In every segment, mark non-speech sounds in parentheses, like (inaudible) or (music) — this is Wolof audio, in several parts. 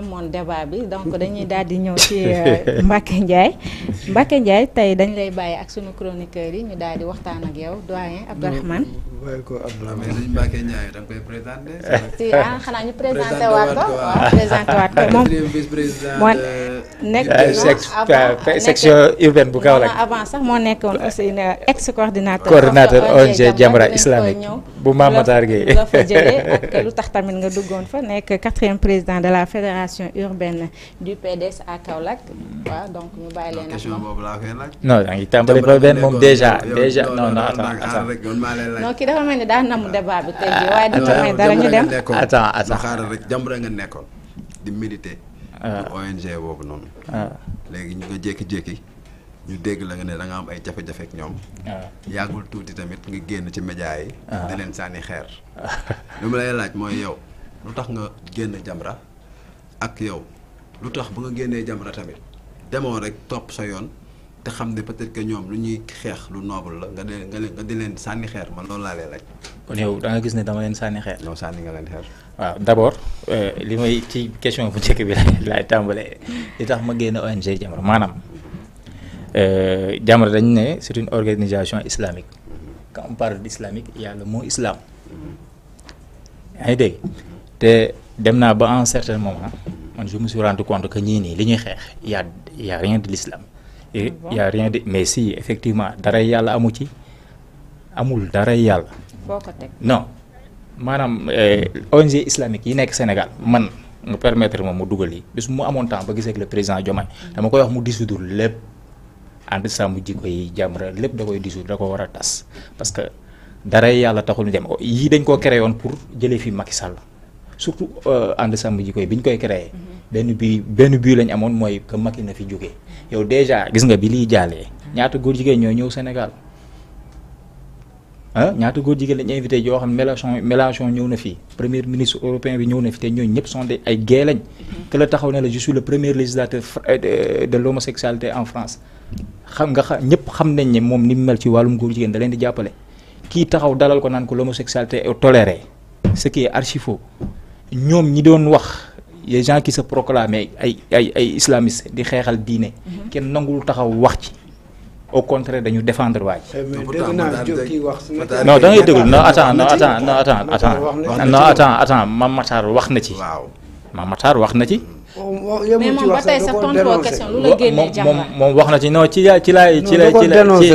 amoon débat bi donc dañuy daal di ñëw ci euh, (laughs) Mbacké Ndiaye Mbacké Ndiaye tey dañ lay bàyyi ak sunu chroniqueur yi ñu daal di waxtaan ak yow doyen Abdourahmane waaye ko am la mais dañ Mbacké Ndiaye da nga si ah, xanaa ñu présenté waat moom. vice président section urbaine bu Kaolack. avant sax moo nekkoon aussi ex coordinateur. coordinateur ONG Jamra islamique bu Mame Matar Gueye lu tax tamit nga duggoon fa nekk quatrième président de la fédération urbaine du PDS à Kaolack waaw donc ñu bàyyi leen moom. non yaa ngi tàmbali ba benn moom déjà déjà non dafa mel ni daa namm débat bi tey jii waaye du ci dara ñu dem attends attends xaaral rek jàmbur nga nekkoon di militer. Ah. ONG boobu noonu. Ah. léegi ñu nga jékki-jékki ñu dégg la nga ne da nga am ay jafe-jafe ak ñoom. Ah. yàggul tuuti tamit nga génn ci média yi. di sànni xeer. li ma lay laaj mooy yow lu tax nga génn Jamra ak yow lu tax bu nga génnee Jamra tamit demoo rek topp sa yoon. te xam ne peut-être que ñoom lu ñuy xeex lu noble la nga di leen sànni xeer man loolu laa lay laaj. kon yow da gis ne dama leen sànni xeer. non sànni nga leen xeer. waaw d'abord euh, li may ci question bu njëkk bi (laughs) laay tàmbalee li tax ma génn ONG Jamra maanaam euh, Jamra dañ ne c'est une organisation islamique quand on parle d'islamique il y a islam yaa dégg te dem naa ba un certain moment man je me suis compte que ñii nii li ñuy xeex y a y a et y rien de mais si effectivement dara yàlla amu ci amul dara yàlla. foo ko teg non maanaam eh, ONG islamique yi nekk Sénégal man nga permettre ma mu dugal yi bis mu amoon temps ba gisee ak le président joman dama koy wax mu dissoudre lépp ànd sàmm jikko yi Jamra lépp da koy dissoudre da ko war a tas parce que dara yàlla taxul dem yii dañ koo créé woon pour jëlee fi Macky Sall surtout euh, ànd sàmm jikko yi bi ñu koy créé. Mhm. benn bii benn bii lañ amoon mooy que Macky na fi jógee yow déjà gis nga bi liy jaalee ñaata góor jigéen ñooy ñëw Sénégal ah ñaata góor jigéen lañ invité yoo xam ne Mélenchon Mélenchon ñëw na fi premier ministre européen bi ñëw na fi te ñooñu ñëpp sont ay gay lañ te mhm. la taxaw ne la je suis le premier législateur euh, de en France xam nga xam ñëpp xam nañ ne moom ni mu mel ci wàllum góor jigéen da leen di jàppale kii taxaw dalal ko naan ko l'homosexualité est tolérée ce qui est archi faux ñi doon wax les gens qui se proclamaient ay ay di xeexal diine. Mhm. kenn nangul taxaw wax ci. au contraire dañu défendre waaj. Eh non da ngay déglu non attends non attends non attends attends non attends attends Mame Matar wax na ci. waaw Mame wax na ci. mais moom ba tey la moom wax na ci non ci ci laay ci laay ci laay ci non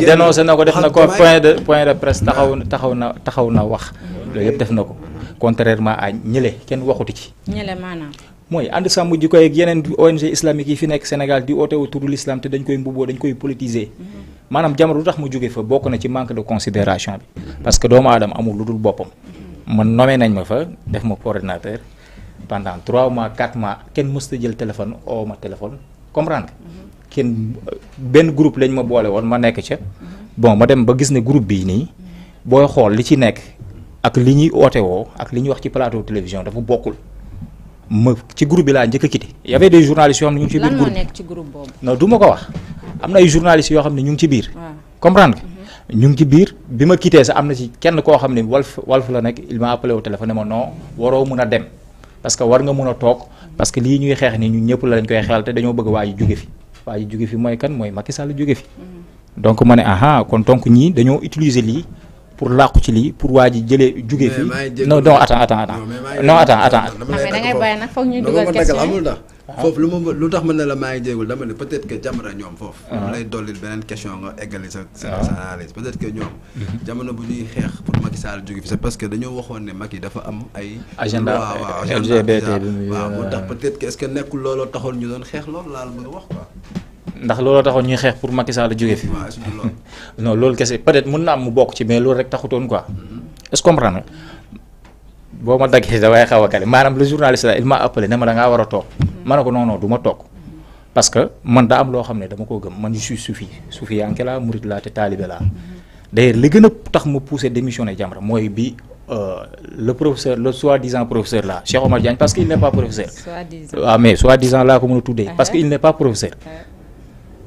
dénoncé na ko def na ko point de point de presse taxaw taxaw na taxaw na wax loolu yëpp def na ko. contrairement à ñële kenn waxuti ci. ñële maanaam. mooy ànd sàmm ji koy yeneen ONG islamique yi fi nekk Sénégal di oote wu turu l'islam te dañ koy mbubboo dañ koy politiser. Mm-hmm. maanaam jamono lu tax ma jóge fa bokk na ci manque de considération bi. parce que doomu aadama amul lu dul boppam. Mm-hmm. man nommé nañ ma fa def ma coordinateur pendant 3 mois 4 mois kenn mësta jël téléphone oo ma téléphone comprendre mm-hmm. kenn benn groupe lañ ma boole woon ma nekk ca. bon ma dem ba gis ne groupe bii nii ak li ñuy oote woo ak li ñuy wax ci plateau télévision dafa bokkul ma ci groupe bi laa njëkk a quitté y avait des journalistes yoo xam ne ñu ngi ci biir groupe lan ko wax am na ay yoo xam ne ñu ngi ci biir comprendre nga mhm. ñu ngi ci biir bi ma quitté sa am na ci kenn koo xam ne walf walf la nekk il m'a appelé au téléphone ma non waroo mën a dem parce que war nga mën a toog parce que lii ñuy xeex ni ñun ñëpp la lañ koy xeexal te dañoo bëgg waa ji jóge fi waa ji jóge fi mooy kan mooy Macky Sall jóge fi mhm. donc ma ne aha kon donc ñii dañoo utiliser lii pour làqu ci lii pour waa ji jëlee jugee fii. non non attends attends attends non attends attends. mais da ngay bàyyi nag foog ñuy dugal question amul ndax ah. foofu lu ma lu tax mën na la maa ngi jéegul dama ne peut-être que jamono ñoom foofu. dama ah. lay dollil beneen question nga eggali sa sa ah. sa analyse peut-être que ñoom. Mm-hmm. jamono bu ñuy xeex pour Macky Sall jóge fi c'est parce que dañoo waxoon ne Macky dafa am ay. agenda LGBT bi waaw waaw moo tax peut-être que est-ce que nekkul looloo taxoon ñu doon xeex loolu laal bëgg wax quoi. ndax a taxoon ñuy xeex pour Macky Sall jóge fi. (laughs) non loolu kese peut-être na am mu bokk ci mais loolu rek taxutoon quoi. Mm-hmm. est-ce que comprendre boo ma daggee (laughs) dafay xaw a kale maanaam le journaliste la il m'a appelé ne ma da war a toog. Mm-hmm. ma ne ko non non toog. parce que man daa am loo xam ne dama koo gëm man je suis soufi soufi yanke laa murit laa te taalibe laa. Mm-hmm. d'ailleurs li gën a tax ma poussé démissionné Jamra mooy bi euh, le professeur le soi-disant professeur là ah, a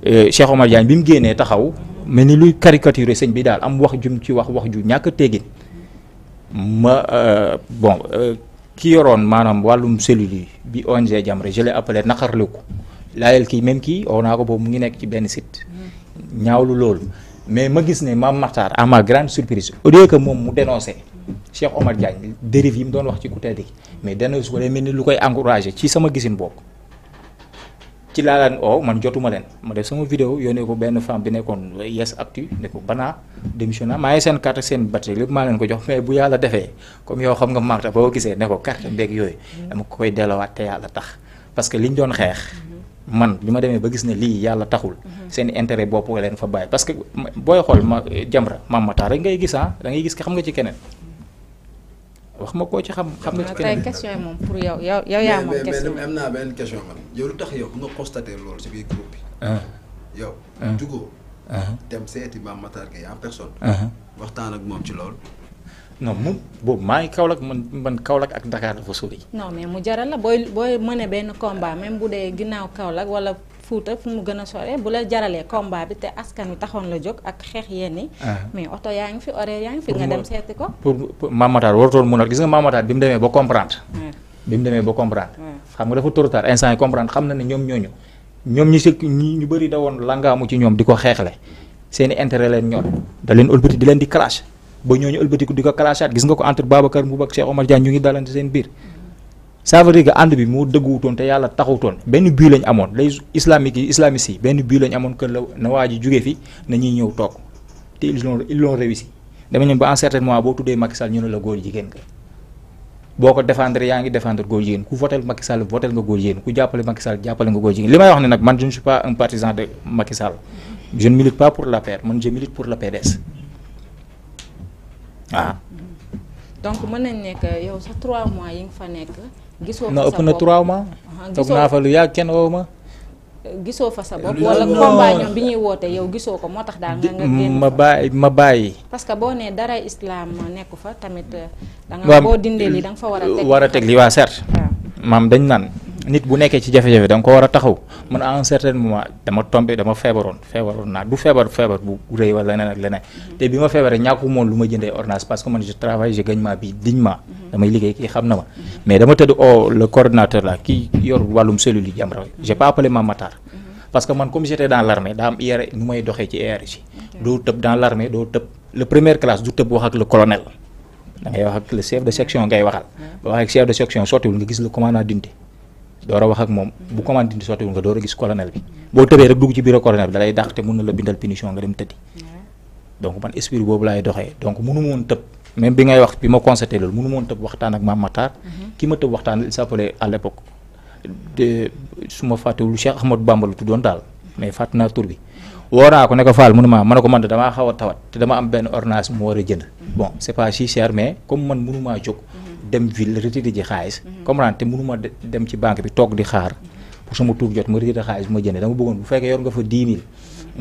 Euh, Cheikh Omar Diagne bi mu génnee taxaw mel ni luy caricature sëñ bi daal am wax jum ci wax wax ju ñàkk a teggin ma euh, bon euh, ki yoroon maanaam wàllum cellule yi bi ONG Jamra je l'ai appelé naqarlu ko laajal kii même kii oo naa ko boobu mu ngi nekk ci benn site ñaawlu loolu mais ma gis ne Mame Makhtar à ma grande surprise au lieu que moom mu dénoncé Cheikh Omar Diagne dérive yi mu doon wax ci ku tedd mais dénoncé ko day mel ni lu koy encouragé ci sama gisin bokk ci laalaan oo man jotuma leen ma def sama vidéo yónnee ko benn femme bi nekkoon yes actu ne ko banaa démission maa ngi seen carte seen batterie yooyu dama koy delawaat te yàlla tax parce liñ doon xeex man bi ma demee ba gis ne lii yàlla taxul seen intérêt bopp leen fa bàyyi parce que booy xool ma Jamra Mame Matar rek ngay gis ah xam nga ci keneen wax ma koo ci xam xam na ci keneen. tey question yi moom pour yow yow yow yaa moom question mais mais yow lu tax yow bu nga constaté loolu si biir groupe bi. Ah. yow. jugoo. Ah. Ah. dem seeti waxtaan ak moom ci loolu. non moom boobu maa ngi Kaolack man man Kaolack ak Dakar dafa sori. non mais mu jaral la booy booy mëne benn combat même bu dee ginnaaw Kaolack wala Fuuta fu mu gën a sore bu la jaralee combat bi te askan taxoon la jóg ak xeex yenni ah. mais oto yaa ngi fi horaire yaa ngi fi nga dem seeti ko pour Mamataar warutoon mun a gis nga Mamataar bi mu demee ba comprendre bi mu demee ba comprendre xam nga dafa trop instant yi comprendre xam na ne ñoom ñooñu ñoom ñi sëkk ñi ñu bëri da woon langaamu ci ñoom di ko xeexle seen i intérêt leen ñor da leen di leen di clash ba ñooñu ëlbatiku ko clashaat ko entre ça veut dire que ànd bi moo dëgguwutoon te yàlla taxutoon benn bii lañ amoon les islamiques yi yi benn bii lañ amoon que la na waa ji fi na ñuy ñëw toog te ils l'ont ils l'ont réussi dama ñëw ba en boo tuddee Macky ñu ne la góor jigéen nga boo ko défendre yaa ngi défendre góor jigéen ku votel Macky Sall votel nga góor jigéen ku jàppale Macky jàppale nga góor jigéen li may wax ne nag man je ne pas un partisan de Macky Sall je gisoo fa sa bopp na ëpp na 3 mois. toog naa fa woo ma. fa sa bi ñuy woote yow gisoo ko moo tax daal nga nga génn ma bàyyi ma bàyyi. parce que boo nee dara islaam nekku fa tamit. Euh, da nga boo dindee li danga fa war a teg li waa certes. maam dañ naan. nit bu nekkee ci jafe-jafe da nga ko war a taxaw man à un dama tombé dama feebaroon feebaroon naa du feebar feebar bu rëy wala leneen ak leneen mm-hmm. te bi ma feebaree ñàkku moon lu ma jëndee ordonnance parce que man je travaille je gagne ma vie dignement mm-hmm. damay liggéey kii xam na ma mm-hmm. mais dama tëdd o oh, le coordinateur là kii yor wàllum cellule yi jam raw j'ai pas appelé ma matar parce que man comme j'étais dans l'armée daa am IR e, nu may doxee ci IRG e doo tëb dans l'armée doo tëb le première classe du tëb wax ak le door a wax ak moom bu commande di sottiwul nga door a gis colonel bi boo tëbee rek dugg ci bureau colonel bi dalay dàq te mun na la bindal punition nga dem tëddi donc man esprit boobu laay doxee donc munu moon tëb même bi ngay wax bi ma constaté loolu munu moon tëb waxtaan ak maam Matar mhm. ki ma tëb waxtaan il s'appelait à l'époque su ma fàttewul Cheikh Ahmadou Bamba la tuddoon daal mais fàtt naa tur bi woo naa ko ne ko munu maa mën a ko man damaa a a dem ville retiré ji xaalis. Mhm. comprendre te mënuma dem ci banque bi toog di xaar mhm. pour sama tuug jot ma retiré xaalis ma jëndee dama bëggoon bu fekkee yor nga fa 10 000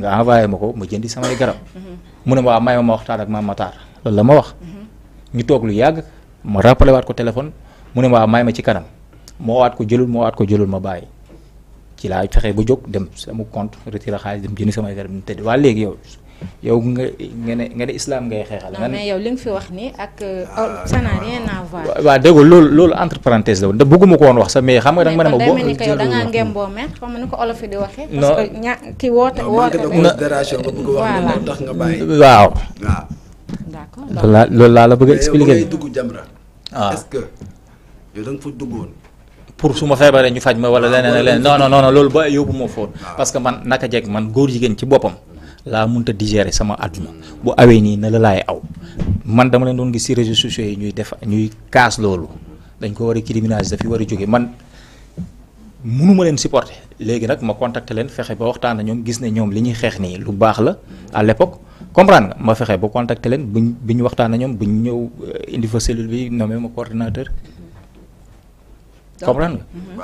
nga envoyé ma ko ma jëndi samay garab. Mhm. mu ne ma waaw may ma ma waxtaan ak maam Matar loolu la ma wax. ñu toog lu yàgg ma rappelé waat ko téléphone mu ne ma waaw may ma ci kanam moo waat ko jëlul moo waat ko jëlul ma bàyyi. ci laa fexe ba jóg dem sama compte retiré xaalis dem jëndi samay garab ñu tëdd waa léegi yow nga nga ne nga ne ngay xeexal. nga mais yow li nga fi wax nii ak. Euh, ça n'a rien loolu loolu entre parenthèse la da bëgguma ko woon wax sax mais xam nga da nga mën a. boo mais kon ngemboo mer xam nga ko olof di waxee. non parce que ña ki woote woote. considération nga tax nga bàyyi. waaw. waaw. d'accord loolu laa loolu laa la bëgg a dugg Jamra. waaw ah. est-ce que yow da nga pour su ma feebaree ñu faj ma wala ah, leneen leneen loolu ba ma foofu. Ah. parce que man naka jekk man góor jigéen ci boppam laa mënut a digérer sama àdduna bu awee nii na la laay aw man dama leen doon gis ci réseaux sociaux yi ñuy def ñuy kaas loolu dañ ko war a criminaliser dafi war a jóge man mënuma leen supporter léegi nag ma contacter leen fexe ba waxtaan ak ñoom gis ne ñoom li ñuy xeex nii lu baax la à l'époque comprendre nga ma fexe ba contacter leen buñ bi ñu waxtaan ak ñoom buñ ñëw euh, indi fa cellule bi nommé ma ordinateur comprendre nga. Mhm.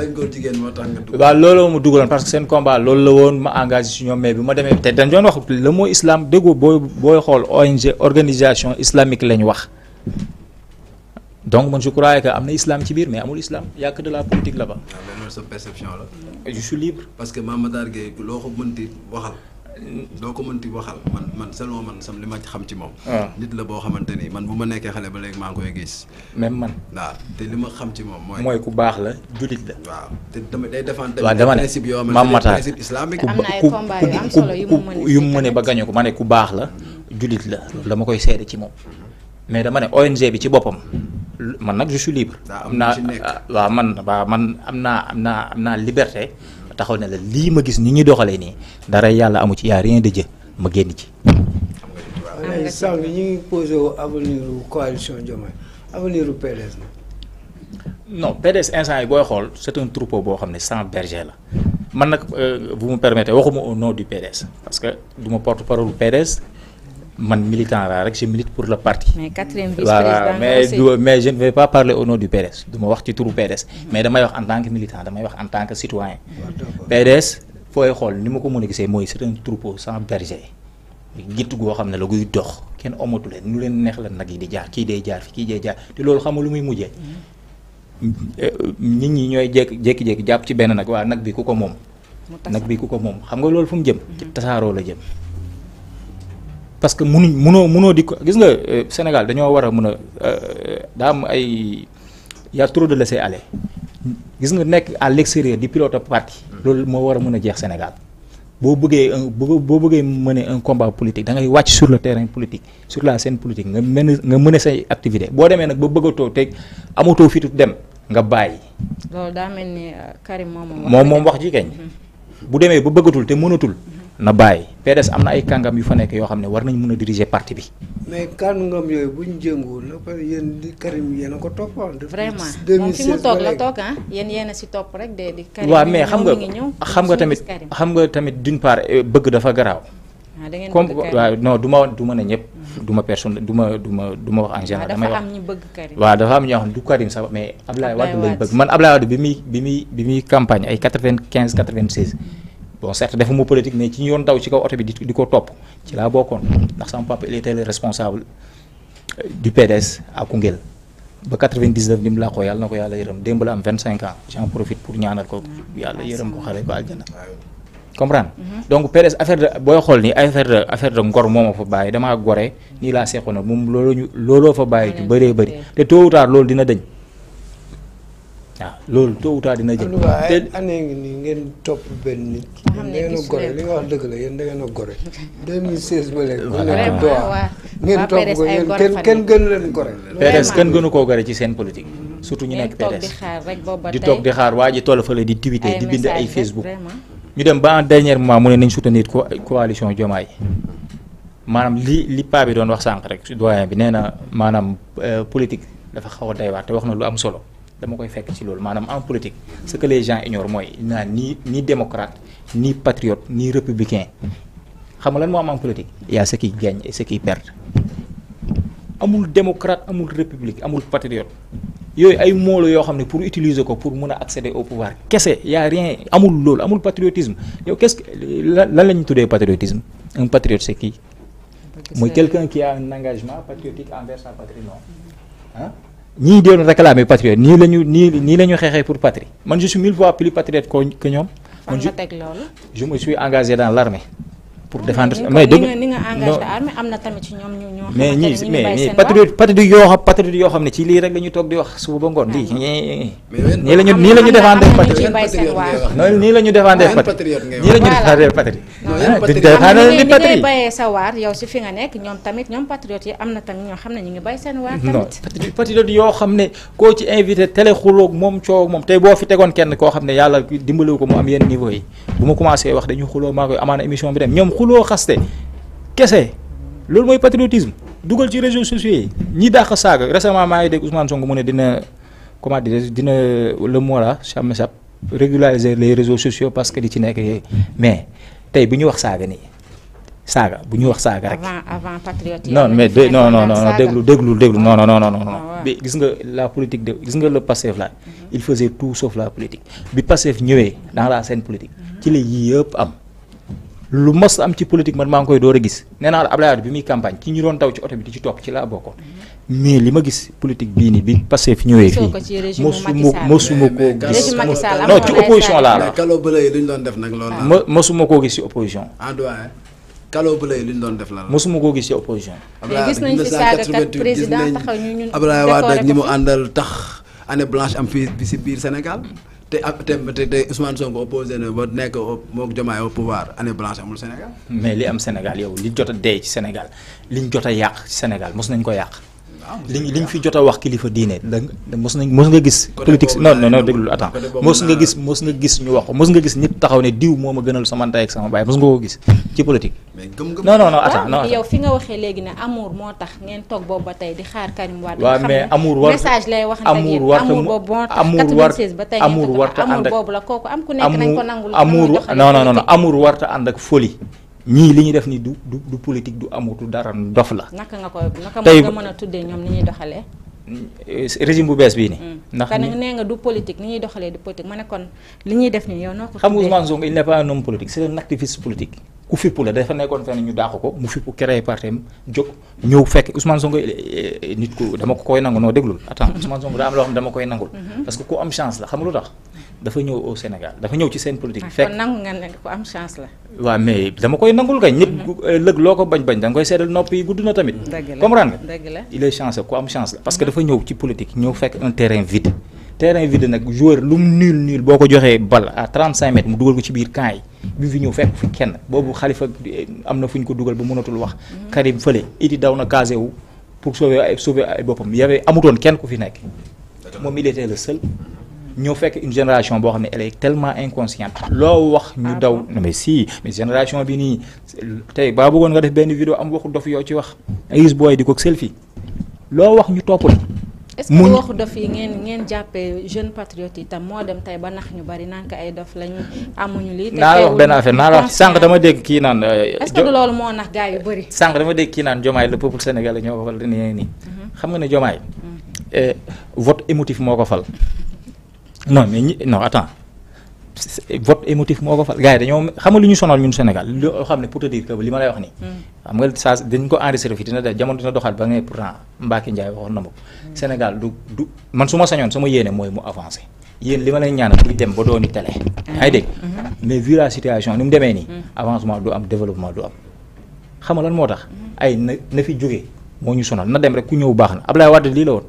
bañ ko moo tax nga dugg. waaw looloo ma dugaloon parce que seen combat loolu la woon ma engagé si ñoom mais bi ma demee te dañ doon wax le mot islam déggoo booy booy xool ONG organisation islamique lañ wax. donc man je croyais que am na islam ci biir mais amul islam y a que la politique là-bas. waaw ah, la. je parce que ma Matar Gueye loo ko mënti waxal. doo ko mënti waxal man man selon man sam li ma xam ci moom. Ah. nit la boo xamante ni man bu ma nekkee xale ba léegi maa ngi koy gis. même man waaw te ma xam ci moom. mooy mooy ku baax la jullit la. dama day défendre. waaw dama ne principe yoo xamante ne principe islamique. yu mu mën yu mu ko ma ne ku baax la jullit la loolu koy seede ci moom. mais dama ne ONG bi ci boppam. man nag je suis libre. naa waaw man waaw man am naa am naa am naa liberté. taxaw ne la lii ma gis ni ñuy doxalee nii dara yàlla amu ci y a rien de Dieu ma génn ci. am na ñu ngi posé avenir coalition Diomaye avenir PDS la. non PDS instant yi booy xool c' un troupeau boo xam ne sans berger la man nag bu euh, mu permettez waxuma au du PDS parce que du porte parole PDS. man militant laa rek je milite pour le parti. mais quatrième vice-président mais mais je ne vais pas parler au nom du PDS du ma wax ci turu PDS. mais damay wax en tant que militant damay wax en tant que citoyen. PDS fooy xool ni ma ko mën a gisee mooy c'est un troupeau sans berger. gitt goo xam ne la guy dox kenn omatu leen nu leen neex la nag yi di jaar kii day jaar fi kii day jaar te loolu xamul lu muy mujjee. nit ñi ñooy jékki jékki-jékki jàpp ci benn nag waa na bi ko moom. nag bi ko moom xam nga loolu fu jëm. Mm-hmm. tasaaroo la jëm. parce que munuñ munoo munoo di ko gis nga euh, Sénégal dañoo war a mën a euh, daa am ay y' a trop de laisser aller gis nga nekk à l' extérieur di pilote parti. loolu moo war a mën a jeex Sénégal. boo bëggee un boo bëggee mener un combat politique dangay wàcc sur le terrain politique sur la scène politique nga mener nga mener say activité boo demee nag ba bëggatoo teg amatoo fitu dem nga bàyyi. loolu daa mel ni euh, Karim moom moom wax ji kañ. Mm-hmm. bu demee ba bëggatul te mënatul. na bàyyi PDS am na ay kàngam yu fa nekk yoo xam ne war nañ mën a diriger parti bi. mais kàngam yooyu bu ñu jëngu la parce que yéen di Karim yéen a ko toppoon. vraiment moom fi mu toog la toog ah yéen yéen si topp rek de di. Karim waaw mais xam nga xam nga tamit xam nga tamit d'une part eh, bëgg dafa garaaw. Ah, comme waaw non du ma du ma ne ñëpp. du ma personne du ma du ma du ma wax en général. damay ah, wax waaw dafa am ñoo xam du Karim sax mais Ablaye Wade lañ bëgg man Ablaye Wade bi muy bi muy bi muy campagne ay quatre-vingt-quinze quatre-vingt-seize bon certes defu ma politique mais ci ñu yoon daw ci kaw oto bi di ko topp ci laa bokkoon ndax sama papa il était responsable euh, du PDS à Koungheul ba 99 ni mu laa yàlla na ko yàlla yërëm démb la am 25 ans j'en profite pour ñaanal ko yàlla yërëm ko xale ko aljana comprendre mhm. donc PDS affaire de booy xool ni affaire de affaire de ngor moo ma fa bàyyi damaa gore nii laa seexoon na moom loolu ñu looloo fa bàyyi ju bëree bëri waaw loolu tôt ou tard dina jëm. te année ngeen topp benn nit. da ngeen gore li nga wax dëgg la yéen da ngeen a gore. 2016 (laughs) ba léegi. waaw nekk doar ngeen topp ko yéen kenn gënu koo gore ci seen politique. surtout ñu nekk PDS di toog di xaar waa ji toll fële di tweeter di bind ay Facebook. ñu dem ba en dernier moment mu ne nañ soutenir coalition Diomaye maanaam li li paa bi doon wax sànq rek doyen bi nee na maanaam euh, politique dafa xaw a doy waar te wax na lu am solo. dama koy fekk ci loolu maanaam en politique ce que les gens mooy naa ni ni démocrate ni patriote ni républicain xam nga lan moo am en politique. y a ce qui gagne et ce qui perd amul démocrate amul république amul patriote yooyu ay moolo yoo xam ne pour utiliser ko pour mun a accéder au pouvoir kese y rien amul loolu amul patriotisme yow qu'est-ce lan la ñu tuddee patriotisme un patriote c'est ki mooy quelqu'un qui a un engagement patriotique envers sa patrie non ñii doon réclamer patriote nii la ñu nii nii la ñu xeexee pour patrie man je suis mille fois plus patriote que ñoom. fan nga je me suis engagé dans l' pour défendre mais ni nga engagé na tamit ci ñoom ñu ñoo mais ñii mais yoo xam ne ci koo ci invité télé xuloog moom coowog moom tey boo fi tegoon kenn koo xam ne yàlla dimbaliwu ko mu am yenn niveau yi bu ma commencé wax dañu xuloo maa koy amaana émission bi dem ñoom xuloo xaste kese loolu mooy patriotisme dugal ci réseaux sociaux yi ñi dàq saaga récemment maa ngi dégg Ousmane Sonko mu ne dina comment dire dina le mot là sàmm sàpp régulariser les réseaux sociaux parce que li ci nekk yooyu mais tey bu ñu wax saaga nii saaga bu ñu wax saaga rek. avant avant patriotisme non mais de non non non déglu déglu déglu non non non non non. Ah, bi gis nga la politique de gis nga le Pastef là. Mhm. il faisait tout sauf la politique bi Pastef ñëwee dans la scène politique. ci la yii yëpp am. lu mas am ci politique man maa ngi koy door a gis neenaa naa la Abdoulaye Wade bi muy campagne ki ñu doon daw ci oto bi di ci topp ci laa bokkoon mhm. mais li ma gis politique bii nii bi passé fi ñëwee fii mosuma mosuma koo gis non ci opposition laa la kaloo bële yi lu ñu doon def nag loolu la mosuma koo gis ci opposition kaloo ah, bële yi lu ñu doon def la mosuma koo gis ci opposition gis nañ fi saagakat président taxaw ñu ñun Abdoulaye Wade ak mu àndal tax année blanche am fii bi si biir Sénégal te te te Ousmane Sonko opposé na ba nekk moog Diomaye au pouvoir année blanche amul Sénégal. mais li am Sénégal yow li jot a dee ci Sénégal liñ jot a yàq ci Sénégal mos nañ ko yàq. liñ liñ fi jot a wax kilifa diine da mos nañ mos nga gis politique non no non déglu attends mos nga gis mos nga gis ñu wax ko mos nga gis nit taxaw ne diw moo ma gënal sama nday ak sama baay mos nga ko gis ci politique non waxee léegi ne amour moo tax ngeen toog ba tey di xaar Karim Wade waaw mais amour war message lay wax amour war amour boobu moo tax 96 ba tey amour warta ànd ak amour la kooku am ku nekk nañ ko nangul amour non non non amour warta ànd ak folie ñii li ñu def ni du du du politique du amatu dara ndof la. naka nga ko naka nga mën a tuddee ñoom ni ñuy doxalee. Mm, régime bu bees bii nii. Mm. ndax nee du politique ni ñuy doxalee du politique ma ne kon li ñuy def nii yow noo ko. xam nga Ousmane Sonko il n'est pas un homme politique c'est un activiste politique. ku fippu la dafa nekkoon fenn ñu daaxu ko mu fippu créé parti am jóg ñëw fekk Ousmane Sonko nit ku dama koy nangu noo déglul. attends (laughs) Ousmane Sonko daa am loo xam dama koy nangul. Mhm. dafa ñëw au Sénégal dafa ñëw ci seen politique. fekk kon nangu nga ne ku am chance la. waaw mais dama koy nangul kay. ñëpp mm-hmm. lëg loo ko bañ bañ da nga koy seddal nopp yi na tamit. comprendre nga il est chance ku am chance la. parce que mm-hmm. dafa ñëw ci politique ñëw fekk un terrain vide. terrain vide nag joueur lu mu nul nul boo ko joxee bal à 35 mètres mu dugal ko ci biir kaay yi bi fi ñëw fekk fi kenn boobu xalifa eh, am na fu ñu ko dugal bu mënatul wax. Mm-hmm. Karim fële Idi daw na casé wu pour sauver ay ay boppam y avait amutoon ku fi nekk. moom il était le ñoo fekk une génération boo xam ne elle est tellement inconsciente loo wax ñu daw ah mais si mais génération bi nii tey ba bëggoon nga def benn vidéo am waxu dof yoo ci wax ay gis booy di ko selfie loo wax ñu topp la est-ce que waxu dof yi ngeen ngeen jàppee jeune patriote yi tam moo dem tey ba nax ñu bari nan ko ay dof lañu amuñu lii. naa la wax benn affaire naa la dama dégg kii naan. Euh, est-ce que loolu moo nax gars yu bari. sànq dama dégg kii naan Diomaye le peuple sénégalais ñoo ko fal nii nii. Mhm. xam nga ne Diomaye. Mhm. Euh, vote émotif moo non mais ñi non attends vote émotif moo ko fal gars yi dañoo xam nga lu ñu sonal ñun Sénégal loo xam ne pour te dire que li ma lay wax nii. Mm. xam nga saa dañ ko enregistré fii dina jamono doxaat ba ngay pourtant Mbacke Ndiaye waxoon na ma mm. man su ma sañoon sama yéene mooy mu avancé. yéen li ma leen a buy dem ba dooni télé. Mm. yaa ngi dégg mm-hmm. mais vu situation ni mu demee nii. avancement du am développement du am. xam nga moo tax. ay na na fi jógee moo ñu sonal na dem rek na Ablaye Wade lii la woon.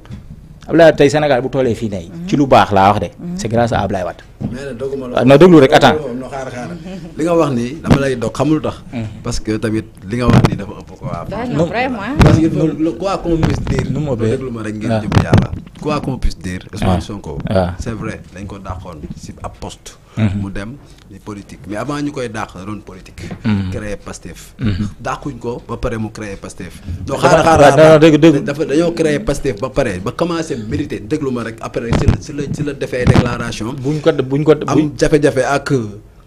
Ablaye Wade tey Sénégal bu toolee fii nay ci lu baax laa wax de c'est grâce à Ablaye Wade mais nag doguma la ah, non déglu rek attends li nga wax nii dama lay dog xamul tax. Mm. parce que tamit li nga wax nii dafa ëpp quoi. non vraiment. parce que loolu quoi qu'on puisse dire. Ah. Ah. ko dàqoon mm-hmm. ñu da doon politique. Mm-hmm. créer Pastef. Mm-hmm. dàquñ ko ba pare mu créer Pastef. doo xaar xaar dafa dañoo créer Pastef ba pare ba commencé militer déglu ma rek après si la si la defee déclaration. buñ ko buñ ko am jafe-jafe ak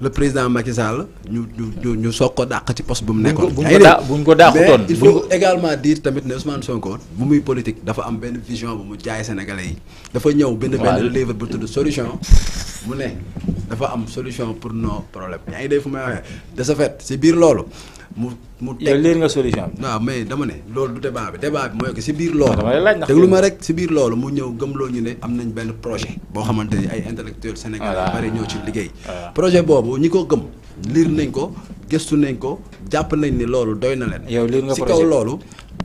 le président Macky Sall ñu ñu ñu soog ko dàq ci poste bu mu nekkoon. buñ ko dàqutoon mais il faut également dire tamit ne Ousmane Sonko bu muy politique dafa am benn vision bu mu jaay sénégalais yi. dafa ñëw benn benn livre bu tudd solution. mu ne dafa am solution pour no problème yaa ngi dégg fu may waxee de ce fait si biir loolu. mu mu teg léegi nga solution bi. waaw mais dama ne loolu du débat bi débat bi mooy que si biir loolu. déglu ma rek si biir loolu mu ñëw gëmloo ñu ne am nañ benn projet. boo xamante ni ay intellectuel sénégalais yu bari ñoo ci liggéey. projet boobu ñi ko gëm. liir nañ ko gëstu nañ ko jàpp nañ ni loolu doy na leen. yow liir nga projet si loolu.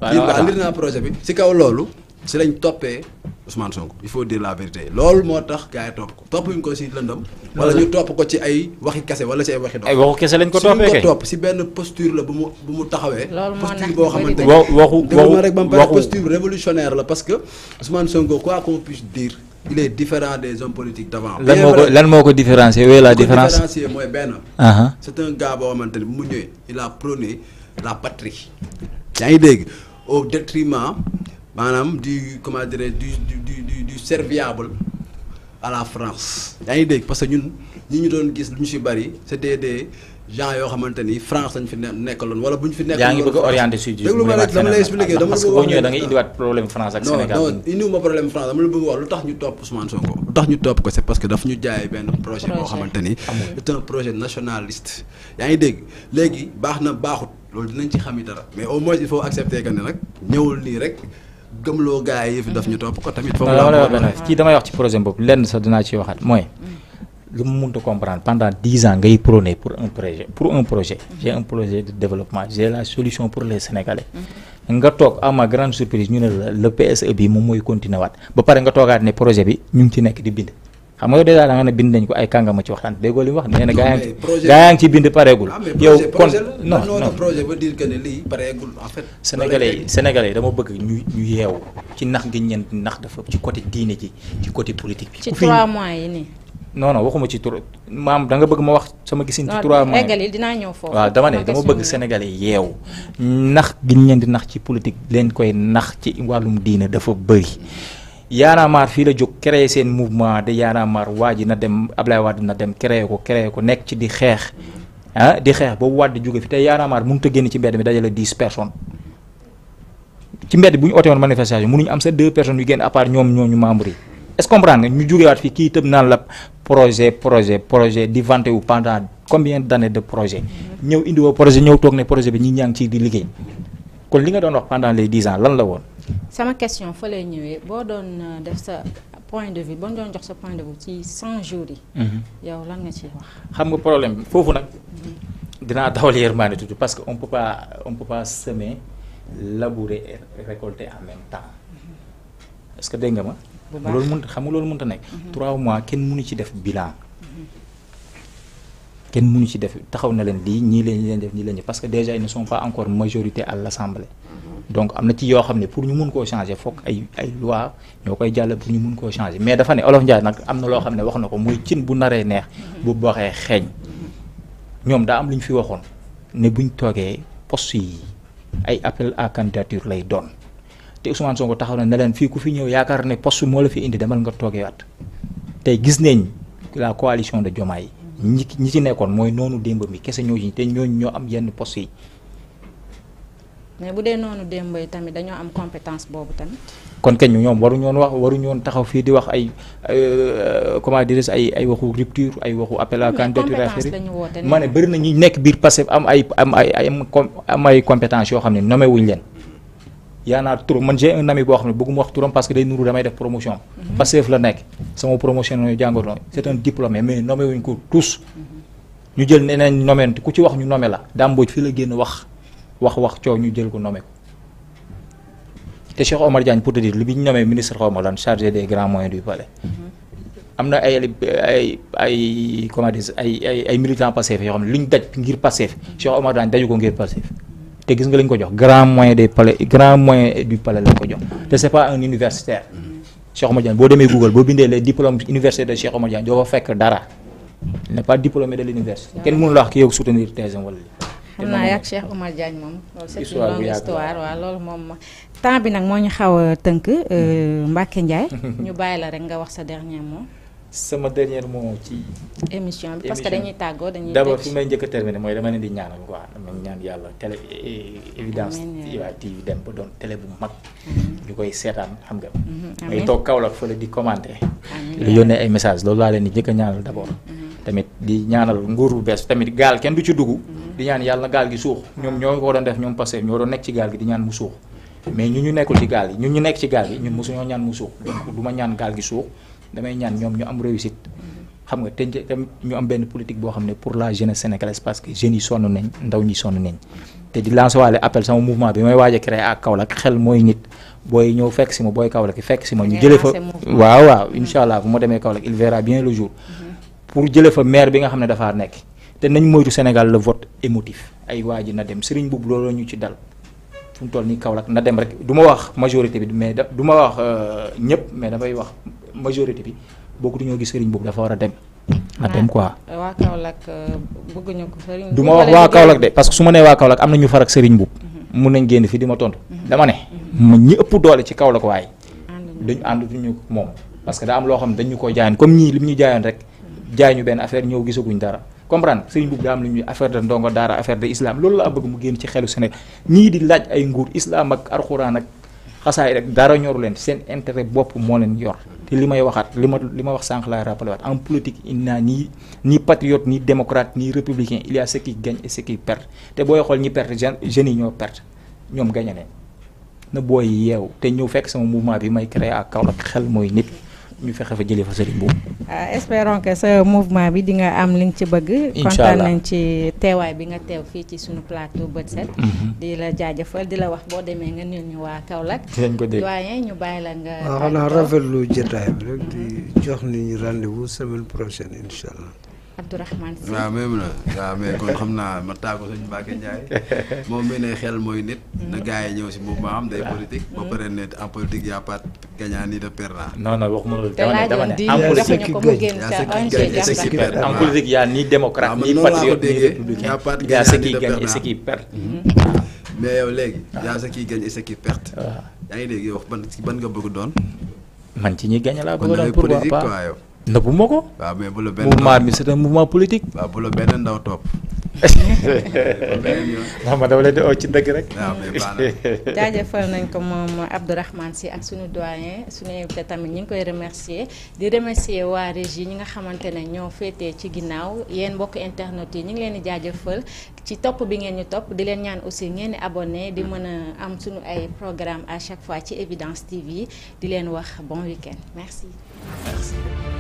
waaw liir naa projet bi si kaw loolu. si lañ toppee Ousmane Sonko il faut dire la vérité loolu moo tax gars yi topp ko toppuñ ko si lëndëm wala ñu topp ko ci ay waxi kese wala si ay waxi dox waxu kese lañ ko toppee kay si topp si benn posture la bu mu bu mu taxawee posture boo xamante ne rek ba mu pare posture révolutionnaire la parce que Ousmane Sonko quoi qu'on puisse dire des hommes politiques d'avant. lan moo ko lan moo ko différencier oui la différence différencier mooy benn. Uh-huh. c'est un gars boo xamante ne bu mu ñëwee il a prôné la patrie. yaa ngi dégg au détriment. maanaam du comment dirais du du du du serviable à la France. yaa ngi dégg parce que ñun ñu doon gis lu ñu si bari c'était des gens yoo xamante ni France lañ fi nekkaloon wala bu ñu fi nekkaloon. yaa ngi bëgg a orienté si jiw mu dama lay expliqué dama parce que boo ñëwee da ngay indiwaat problème France ak Sénégal. non non problème France dama la bëgg wax lu tax ñu topp Ousmane Sonko. lu tax ñu topp ko c'est parce que daf ñu jaay benn projet boo xamante ni. projet nationaliste. yaa ngi dégg léegi baax na baaxut loolu dinañ ci xam dara mais au moins il faut accepter que ne rek gëmloo gars yi fi daf ñu topp ko tamit. foofu la benn kii damay wax ci projet boobu lenn sax dinaa ci waxaat mooy. lu mu mënta comprendre pendant dix ans ngay prôné pour un projet pour un projet j'ai un projet de la solution pour les Sénégalais nga toog à ma grande surprise ñu ne la le PSE bi moom mooy continuer ba pare nga toogaat ne projet bi ñu ngi ci nekk di bind xam nga dèjà da nga ne bind nañ ko ay kàngama ci waxtaan déggoo li mu wax nee na gaa yaa ngi ci bind ah, pareegul yow kon non non projet veut dire que ne lii pareegul fait sénégalais yi sénégalais yi dama bëgg ñu ñu yeewu ci nax gi ñeen nax dafa ci côté diine ji ci côté politique ci trois mois yi nii non non waxuma ci tur maam da bëgg ma wax sama gisin ci trois mois eggali dinaa ñëw foofu waaw dama ne dama bëgg senegal yeew nax gi ñeen di nax ci politique leen koy nax ci wàllum diine dafa bëri yaaraamaar fii la jóg créer seen mouvement de yaaraamaar waa ji na dem Ablaye Wade na dem créer ko créer ko nekk ci di xeex ah di xeex boobu di jóge fi te yaaraamaar mënut a génn ci mbedd mi dajale dix personnes ci mbedd bu ñu oote woon manifestation mënuñu am sa deux personnes yu génn à part ñoom ñu membre yi est-ce comprendre nga ñu jógewaat fii kii tëb naan la projet projet projet di vanté wu pendant combien d'années de projet ñëw indiwoo projet ñëw toog ne projet bi ñi ñaa ngi ci di liggéey kon li nga doon wax pendant les dix lan la woon sama question fa lay ñëwee boo doon euh, def sa point de ba boo doon jox sa point de vue ci 100 jours yi. Mhm. yow lan nga ciy wax. xam nga problème bi foofu nag. Mhm. dinaa dawal yërmaane tuuti parce que on peut pas on peut pas semer labourer et récolter en même temps mhm. est que dégg nga ma. loolu mënut xam nga loolu mënut a nekk. 3 mois kenn mënu ci def bilan. kenn mënu ci def taxaw na leen lii ñii lañ leen def ñii lañ parce que déjà ils ne sont pas encore majorité à l'Assemblée mm-hmm. donc am na ci yoo xam ne pour ñu mun koo changer fokk ay ay loi ñoo koy jàll pour ñu mun koo changer mais dafa ne Olof Ndiaye nag am na loo xam ne wax na ko muy cin bu naree neex mm-hmm. bu baxee xeeñ ñoom daa am lu ñu fi waxoon ne buñ toogee post yi ay appel à candidature lay doon te Ousmane Sonko taxaw na ne leen fii ku fi ñëw yaakaar ne poste moo la fi indi demal nga toogeewaat tey gis nañ la coalition de Diomaye ñi ñi ci nekkoon mooy noonu démb mi kese ñoo ci te ñooñ ñoo am yenn poste yi. mais bu dee noonu démb yi tamit dañoo am compétence boobu tamit. kon kañ ñoom waruñu woon wax waruñu woon taxaw fii di wax ay euh, comment dirais ay ay waxu rupture ay waxu appel à candidature affaire yi ma ne bëri na nekk biir Pastef am ay am ay am ay compétence yoo xam ne nommé leen. yaanaa turam man j'ai un ami boo xam ne bëgguma wax turam parce que day nuru damay def promotion mhm. Pastef la nekk sama promotion noonu jàngatoo c'est un diplômé mais nommé ko tous ñu jël ne nañ nommé ku ci wax ñu nommé la Dame Mbodj fii la wax wax wax coow ñu jël ko nommé ko te Cheikh Omar Diagne pour te dire li bi ñu ministre xaw ma lan chargé des grands moyens du palais mhm. am na ay ay ay comment dire ay ay ay militants Pastef yoo xam ne lu ñu daj ngir Pastef Cheikh Omar Diagne daju ko ngir Pastef te gis nga lañ ko jox grand moyen des palais grand moyen du palais lañ ko jox te c'est pas un universitaire Cheikh Omar Diagne boo demee Google boo bindee les diplômes université de Cheikh Omar Diagne doo fa fekk dara il diplômé de l'université kenn mënu wax ki yow soutenir thèse wala xam naa yàgg Cheikh Omar Diagne moom c'est une longue histoire waaw loolu moom temps bi nag moo ñu xaw a tënk euh, Mbacké Ndiaye (laughs) ñu bàyyi la rek nga wax sa dernier mot sama dernier mot ci. émission bi parce que dañuy tàggoo dañuy. d'abord fi may njëkk a terminer mooy dama leen di ñaanal quoi dama ñaan yàlla télé eh, évidence waa TV dem doon télé bu mag. ñu koy seetaan xam nga. may toog Kaolack fële di commenter. amiin yónnee message loolu laa leen di njëkk a ñaanal tamit di ñaanal nguur bu bees tamit gaal kenn du ci dugg. di ñaan yàlla gaal gi suux ñoom ñoo ko doon def ñoom passé ñoo doon nekk ci gaal gi di ñaan mu suux mais ñu ñu nekkul ci gaal yi ñun ñu nekk ci gaal ñu ñun suñoo ñaan mu suux donc ma ñaan gaal gi suux damay ñaan ñoom ñu am réussite. xam nga te ñu am benn politique boo xam ne pour la jeunesse sénégalaise parce que jeunes yi sonn nañ ndaw ñi sonn nañ. te di lancer waale appel sama mouvement bi may waaj a créer ak Kaolack xel mooy nit booy ñëw fekk si ma booy Kaolack fekk si ma ñu jëlee fa. waaw waaw incha allah bu ma demee Kaolack il verra bien le jour. pour jëlee fa maire bi nga xam ne dafaa nekk. te nañ moytu Sénégal le vote émotif ay waa ji na dem Serigne Boubou looloo ñu ci dal fu mu toll nii Kaolack na dem rek du ma wax majorité bi mais du ma wax euh, ñëpp mais damay wax majorité bi bokk du ñoo gis sëriñ boobu dafa war a dem. a dem quoi ah, waa Kaolack euh, bëgguñu ko sëriñ. du ma wax waa Kaolack de parce que su ma nee waa Kaolack am na ñu far ak sëriñ boobu. Mhm. mun nañ génn fi di ma tontu. Mhm. dama ne mhm. ma ñi ëpp doole ci Kaolack waaye. dañu ànd duñu moom parce que daa am loo xam dañu ko jaayoon comme ñii li ñu jaayoon rek. jaay ñu benn affaire ñëw gisaguñ dara comprendre sëriñ boobu daa am lu ñuy affaire ndongo daara affaire de islam loolu laa bëgg mu génn ci xelu xasaay rek dara ñoru leen seen intérêt bopp moo leen yor te li may waxaat li ma li ma wax sànq laay rappelé en politique il n'y ni ni ni démocrate ni républicain il y a ceux qui gagnent et ceux te booy xool ñi perte jeunes yi ñoo perte ñoom gañe ne na booy yeew te ñëw fekk sama mouvement bi may créé ak Kaolack xel mooy nit ñu fexe fa jëlee fa sëriñ boobu. Ah, espérons que sa mouvement bi di nga am li nga ci bëgg. kontaan nañ ci teewaay bi nga teew fii ci suñu plateau bët set. Mhm. di la jaajëfal di la wax boo demee nga nuyu ñu waa Kaolack. doyen ñu bàyyi la nga. waaw xanaa rafetlu jotaay bi rek di jox nit ñi rendez-vous semaine prochaine incha Abdourahmane Sy waaw même la mais kon xam naa ma tàggu sëñ Mbacke Ndiaye moom mi ne xel mooy nit na gars yi ñëw si mouvement am day politique ba pare ne en a pas gagnant ni de perdant non non waxuma loolu dama ne dama ne en politique y a ceux qui gagnent en politique y a ni démocrate ni patriote ni républicain y a pas gagnant ni de perdant y a ceux qui gagnent et ceux qui perdent mhm. mais yow léegi y a ceux qui gagnent et ceux yaa ngi dégg yow ban ban nga bëgg doon man ci ñi nëbbu ma ko. waaw mais bu la benn mouvement mouvement politique. waaw benn ndaw topp. waaw (laughs) ma dama leen di oo ci dëgg rek. waaw (laughs) nañ ko moom Abdourahmane Sy ak suñu doyen suñu invité tamit ñu ngi koy remercier di remercier waa régie ñi nga xamante ne ñoo féete ci ginnaaw yéen mbokk internet yi ñu ngi leen di jaajëfal ci topp bi ngeen ñu topp di leen ñaan aussi ngeen di abonné di mën a am suñu ay programme à chaque fois ci Evidence TV di leen wax bon week-end merci. merci.